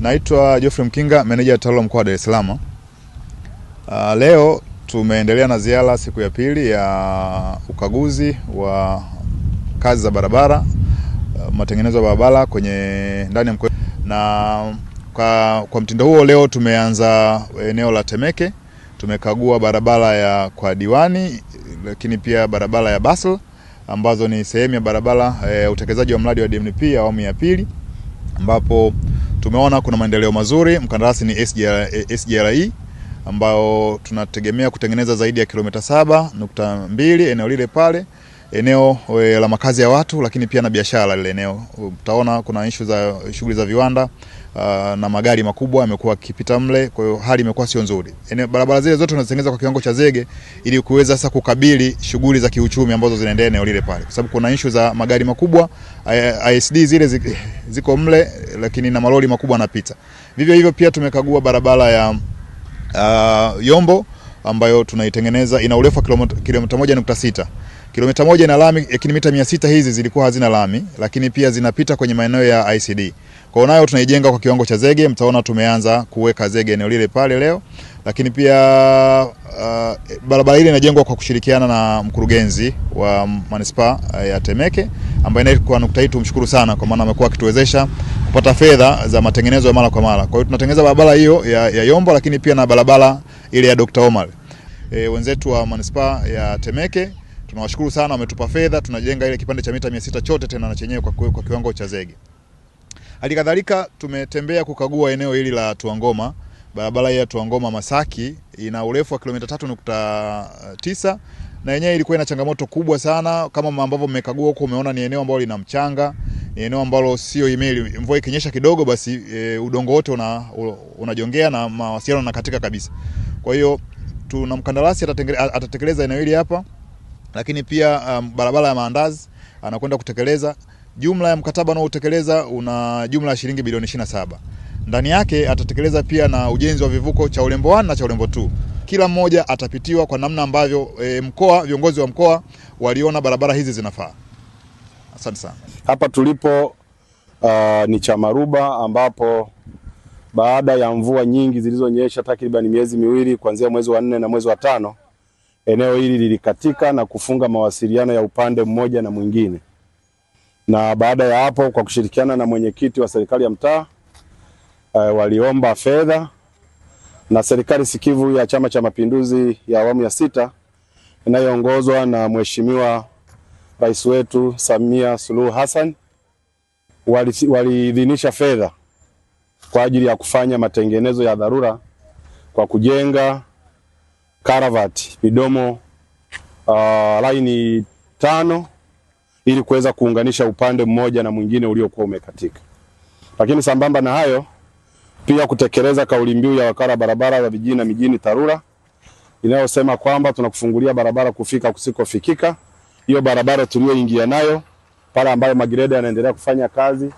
Naitwa Geoffrey Mkinga, meneja tawala mkoa wa Dar es Salaam. Uh, leo tumeendelea na ziara siku ya pili ya ukaguzi wa kazi za barabara, uh, matengenezo ya barabara kwenye ndani ya mkoa na kwa, kwa mtindo huo leo tumeanza eneo la Temeke, tumekagua barabara ya kwa Diwani, lakini pia barabara ya Basel ambazo ni sehemu ya barabara ya eh, e, utekelezaji wa mradi wa DMDP awamu ya pili ambapo tumeona kuna maendeleo mazuri. Mkandarasi ni SGRE ambao tunategemea kutengeneza zaidi ya kilomita saba nukta mbili eneo lile pale eneo e, la makazi ya watu, lakini pia na biashara lile eneo. Utaona kuna issue za shughuli za viwanda uh, na magari makubwa yamekuwa kipita mle, kwa hiyo hali imekuwa sio nzuri. Eneo Barabara zile zote tunazitengeneza kwa kiwango cha zege ili kuweza sasa kukabili shughuli za kiuchumi ambazo zinaendelea eneo lile pale, kwa sababu kuna issue za magari makubwa ISD zile ziko, mle, lakini na malori makubwa yanapita. Vivyo hivyo pia tumekagua barabara ya uh, Yombo ambayo tunaitengeneza ina urefu wa kilomita 1.6 Kilomita moja ina lami, ya eh, kilomita mia sita hizi zilikuwa hazina lami, lakini pia zinapita kwenye maeneo ya ICD. Kwa hiyo nayo tunaijenga kwa kiwango cha zege, mtaona tumeanza kuweka zege eneo lile pale leo, lakini pia uh, eh, barabara ile inajengwa kwa kushirikiana na mkurugenzi wa manispaa eh, ya Temeke ambaye naye kwa nukta hii tumshukuru sana, kwa maana amekuwa akituwezesha kupata fedha za matengenezo ya mara kwa mara. Kwa hiyo tunatengeneza barabara hiyo ya, ya Yombo, lakini pia na barabara ile ya Dr. Omar. E, wenzetu wa manispaa ya Temeke tunawashukuru sana, wametupa fedha, tunajenga ile kipande cha mita 600 chote tena na chenyewe kwa, kwa kiwango cha zege. Halikadhalika tumetembea kukagua eneo hili la Tuangoma. Barabara ya Tuangoma Masaki ina urefu wa kilomita 3.9 na yenyewe ilikuwa ina changamoto kubwa sana, kama ambavyo mmekagua huko, umeona ni eneo ambalo lina mchanga, ni eneo ambalo sio imeli. Mvua ikinyesha kidogo, basi e, udongo wote una, unajongea na mawasiliano na katika kabisa. Kwa hiyo tuna mkandarasi atatekeleza eneo hili hapa lakini pia um, barabara ya maandazi anakwenda kutekeleza. Jumla ya mkataba unaotekeleza una jumla ya shilingi bilioni saba. Ndani yake atatekeleza pia na ujenzi wa vivuko cha Urembo 1 na cha Urembo 2. Kila mmoja atapitiwa kwa namna ambavyo e, mkoa viongozi wa mkoa waliona barabara hizi zinafaa. Asante sana. Hapa tulipo uh, ni Chamaruba ambapo baada ya mvua nyingi zilizonyesha takriban miezi miwili kuanzia mwezi wa nne na mwezi wa tano eneo hili lilikatika na kufunga mawasiliano ya upande mmoja na mwingine. Na baada ya hapo, kwa kushirikiana na mwenyekiti wa serikali ya mtaa uh, waliomba fedha na serikali sikivu ya Chama cha Mapinduzi ya awamu ya sita inayoongozwa na Mheshimiwa Rais wetu Samia Suluhu Hassan waliidhinisha wali fedha kwa ajili ya kufanya matengenezo ya dharura kwa kujenga karavati midomo uh, laini tano ili kuweza kuunganisha upande mmoja na mwingine uliokuwa umekatika. Lakini sambamba na hayo pia kutekeleza kauli mbiu ya wakala barabara za vijijini na mijini TARURA inayosema kwamba tunakufungulia barabara kufika kusikofikika. Hiyo barabara tuliyoingia nayo pale ambayo magreda yanaendelea kufanya kazi